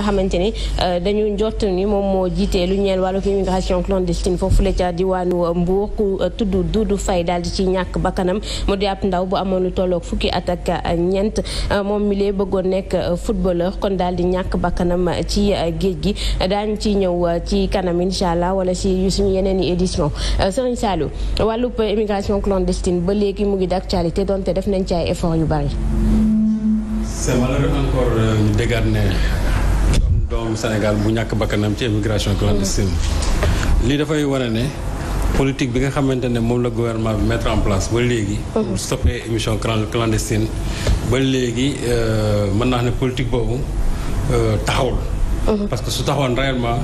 nga xamante ni euh, dañu njort ni moom moo jiitee lu ñeen ñeel wàllu immigration clandestine foofu la ca diwaanu Mbour ku euh, tudd Doudou Faye daal di ci ñàkk bakkanam mu di ab ndaw bu amoon lu tolloog fukki at ak euh, ñeent moom mi lee bëggoon nekk footballeur kon daal di ñàkk bakkanam ci géej gi daañu ci ñëw ci kanam incha allah wala si suñu yeneen i édition Serigne Saliou wàllub immigration clandestine ba léegi mu ngi d'actualité donte def nañ ci ay effort yu bari. c'est malheureux encore ñu déggaat doomu Sénégal bu ñàkk bakkanam ci immigration clandestine lii dafay wane ne politique bi nga xamante ne moom la gouvernement bi mettre en place ba léegi pour mhm. stopper émission clandestine ba léegi euh, mën naa ne politique boobu euh, taxawul mhm. parce que su taxawoon réellement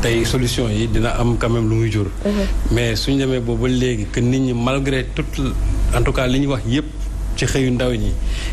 tey solution yi dina am quand même lu muy jur mhm. mais suñ demee boobu léegi que nit ñi malgré tout en tout cas li ñu wax yépp ci xëyu ndaw yi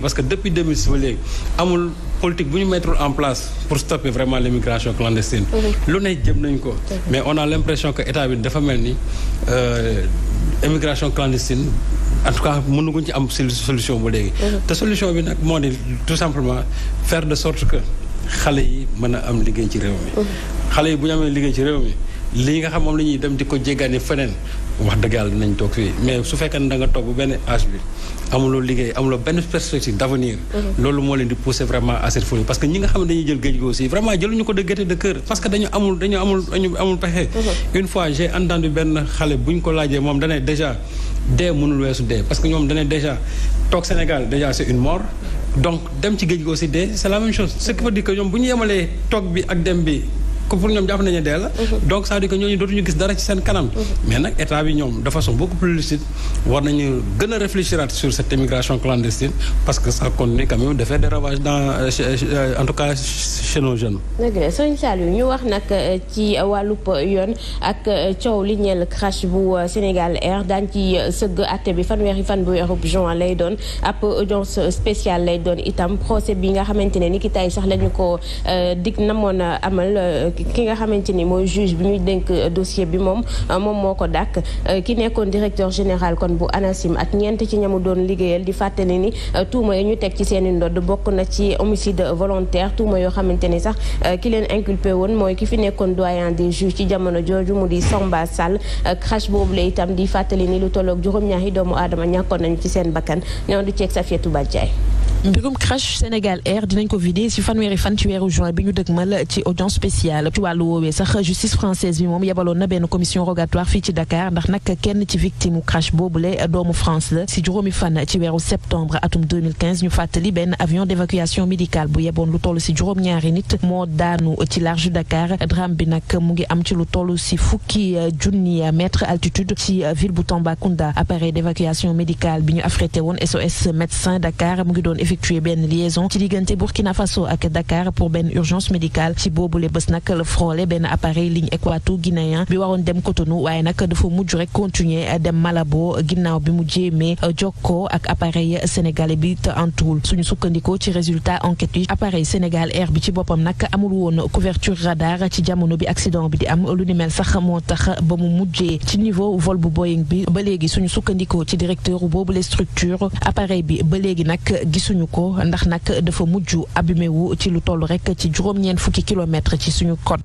parce que depuis 2006 y a une politique qui est mettre en place pour stopper vraiment l'immigration clandestine. mais on a l'impression que l'État a fait l'immigration euh, l'immigration clandestine. en tout cas nous ci am solution de solution La solution est tout simplement faire de sorte que les yi ne a am liggéey ci réew mi. yi gens ñu amee ci réew mi nga wax dëgg yàlla dinañ toog fii mais su fekkee ne da nga toog bu benn âge bi amuloo liggéey amuloo benn perspective d' avenir. Mhm. loolu moo leen di pousser vraiment à cette folie parce que ñi nga xam ne dañuy jël géej gi aussi vraiment jëluñu ko de gaieté de cœur parce que dañu amul dañu amul dañu amul pexe. Mhm. une fois j'ai entendu benn xale buñ ko laajee moom danay déjà dee mënul weesu dee parce que ñoom danay déjà toog Sénégal déjà c' est une mort. donc dem ci géej gi aussi dee c' est la même chose ce qui veut dire que ñoom bu ñu yemalee toog bi ak dem bi comme pour ñoom jàpp nañu dee mhm. donc ça veut dire que ñooñu dootuñu gis dara ci seen kanam mhm. mais nag état bi ñoom de façon beaucoup plus lucide war nañu gën réfléchir sur cette immigration clandestine parce que ça connaît quand même de faire des ravages dans euh, euh, en tout cas chez nos jeunes dëgg la sëñ Saliou ñu wax nag euh, ci wàllub yoon ak coow li crash bu Sénégal Air daañ ci sëgg atte bi fanweeri fan bu weerub juin lay doon ap audience spéciale lay doon itam procès bi nga xamanténi ni ki tey sax lañu ko dig namoon amal ki nga xamante ni mooy juge bi ñuy dénk euh, dossier bi moom euh, moom moo ko dàkk euh, ki nekkoon directeur général kon bu ANACIM ak ñeent ci ñamu doon liggéeyal di fàttali ni tuuma yi ñu teg ci seen i ndodd bokk na ci homicide volontaire tuuma yoo xamante ni sax ki leen inculpé woon mooy ki fi nekkoon doyen des juges ci jamono jooju mu di Samba Sall crash boobu la itam di fàttali ni lu tolloog juróom-ñaari doomu aadama ñàkkoon nañu ci seen bakkan ñoo du ceeg Safiatou Badjaye mbirum crash Sénégal Air dinañ ko vidé si fanwéri fan ci weeru juin bi ñu dëgmal ci audience spéciale ci walu wowe sax justice française bi moom yebaloon na benn commission rogatoire fii ci Dakar ndax nak kenn ci victime crash boobule doomu France la si juróomi fan ci weeru septembre atum 2015 ñu fàttali benn avion d'évacuation médicale bu yeboon lu toll si juróom-ñaari nit moo daanu ci large Dakar drame bi nak mu ngi am ci lu toll si fukki euh, junni euh, mètre altitude ci euh, ville bu Tambacounda appareil d'évacuation médicale bi ñu affrété woon SOS médecin Dakar mu ngi doon effectué ben liaison ci diggante Burkina Faso ak Dakar pour ben urgence médicale ci boobule bés nag le frôle ben appareil ligne équato guinéen bi dem Cotonou waaye de dafa mujj rek continuer dem Malabo ginnaaw bi mu jéemee euh, jokkoo ak appareil sénégalais bi te antuwul suñu sukkandikoo ci résultat enquête appareil Sénégal Air bi ci boppam nag amul couverture radar ci jamono bi accident bi di am lu ni mel sax moo tax ba ci niveau vol Boeing bi ba léegi suñu sukkandikoo ci directeur boobu les structures appareil bi ba léegi nag nañu ko ndax nag dafa mujj abîmé wu ci lu toll rek ci juróom-ñeent fukki kilomètres ci suñu côte.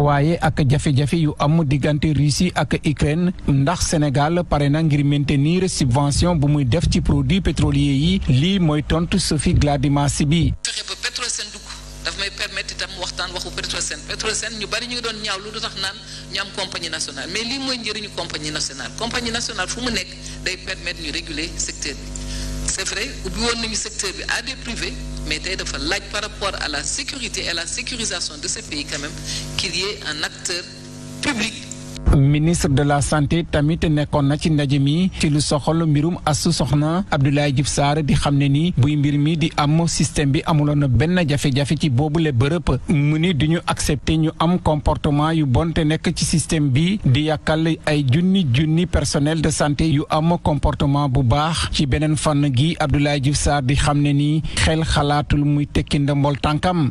waaye ak jafe-jafe yu am Russie ak Ukraine ndax Sénégal pare maintenir subvention bu muy def produits pétroliers yi lii mooy tontu Sophie Gladima bi permettre waxtaan waxu ñu bari doon ñaaw lu tax naan ñu am compagnie nationale mais compagnie nationale compagnie nationale fu mu permettre ñu réguler secteur c'est vrai nañu secteur bi mais de faire par rapport à la sécurité et à la sécurisation de ce pays quand même qu'il y ait un acteur public ministre de la santé tamit nekkoon na ci ndaje mi ci lu soxal mbirum asu soxna Abdoulaye Diouf Sarr di xam ne ni buy mbir mi di am système bi amuloon benn jafe-jafe ci boobule bërëb mu ni du ñu accepter ñu am comportement yu bonte nekk ci système bi di yàkkal ay junni junni personnel de santé yu am comportement bu baax ci beneen fànn gi Abdoulaye Diouf saar di xam ne ni xel xalaatul muy tekki ndombol tànkam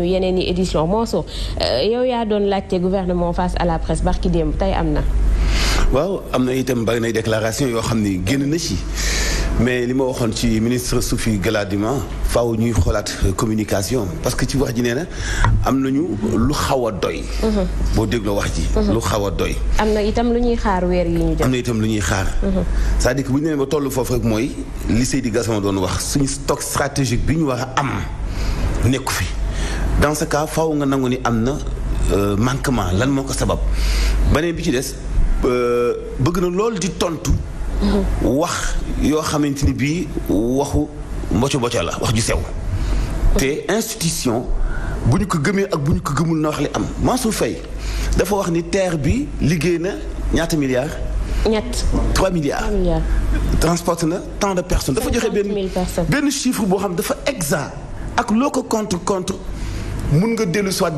ñu yeneen i édition Mansour euh, yow yaa doon laajte gouvernement face à la presse barki dem tay amna waaw amna itam bari nay déclaration yo xamni ni génn na ci mais lima ma ci ministre soufi Gladima faaw ñuy xolat communication parce que ci wax ji nee na am nañu lu xaw a doy. Mhm. boo dégloo wax ji. Mhm. lu xawa doy. amna itam lu ñuy xaar wër yi ñu jëm. amna itam lu ñuy xaar. Mhm. c'est-à-dire que bu ñu nee ba tollu fofu rek moy li Seydi Gassama doon wax suñu stock stratégique bi ñu war am nekku fi dans ce cas faaw nga amna euh, manquement lan sabab benen bi ci dess euh di tontu. wax la wax ju sew. te institution un ko ak buñ ko na wax li am fay dafa wax ni terre bi na milliards. 3 milliards. transporte tant de personnes. dafa chiffre de xam dafa exact ak loko contre contre mën nga dellu soit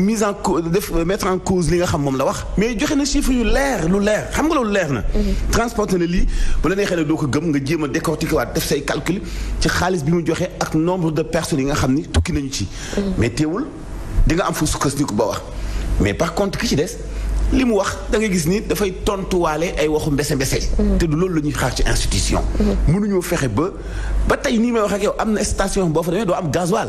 mise en mettre en cause li nga xam moom la wax. mais joxe na chiffres yu leer lu leer xam nga loolu leer na. transporté na lii bu ne ko gëm nga a décortiquer ont def say calcul ci xaalis bi mu joxe ak nombre de personnes yi nga xam ni tukki nañu ci. mais teewul di nga am fu ba wax mais par contre ki ci des. li wax da nga gis ni dafay tontuwaale ay waxu mbese mbese. te du loolu la ñuy xaar ci institution. fexe ba ba tey nii may wax ak yow station boo fa demee doo am gasoil.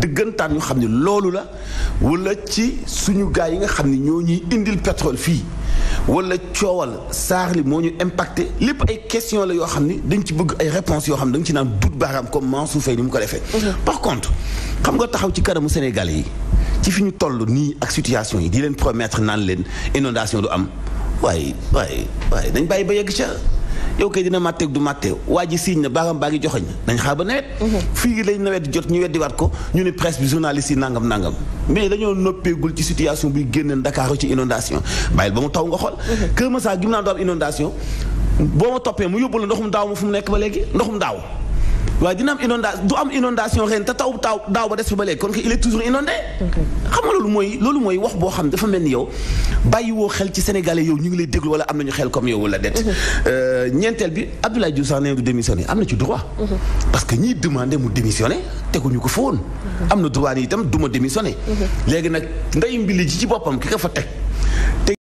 Les ñu xamni loolu la wala ci suñu gaay nga xamni ñoo indil pétrole fi wala ciowal impacté ay question la yo xamni dañ ci bëgg ay réponses ci comme ni mu ko mhm. par contre xam nga taxaw ci nous, Sénégalais ci fi ñu ak situation yi di leen promettre inondation du yow kay dina màtteeg du màttee waa ji siiñ na baaraam baa ngi joxoñ nañ xaar ba nawet mhm. fii lañ nawet jot ñu waat ko ñu ne presse bi journaliste yi nangam nangam mais lañoo noppeegul ci situation buy génn ndakaaru ci inondation bàyyil ba mu taw nga xool mhm. Kër Massar gi mu naan do inondation boo ma toppee mu yóbbu la ndoxum daaw ma fu mu nekk ba léegi ndoxum daaw waaye dina am inondation du am inondation ren te taw taw daaw ba des fi ba léegi kon il est toujours inondé. xam nga lolu moy lolu moy wax bo xam dafa melni yow bayyi wo xel ci Sénégalais yow ñu ngi lay déglu wala am nañu xel comme yow wala dette mhm. euh ñentel bi Abdoulaye Diouf sax nee du démissionné am ci droit. Mhm. parce que ñi demandé mu démissionné teguñu ko fa woon. Mhm. am droit ni tam duma ma légui nak nag ndey mbili ji ci bopam ki ka fa teg.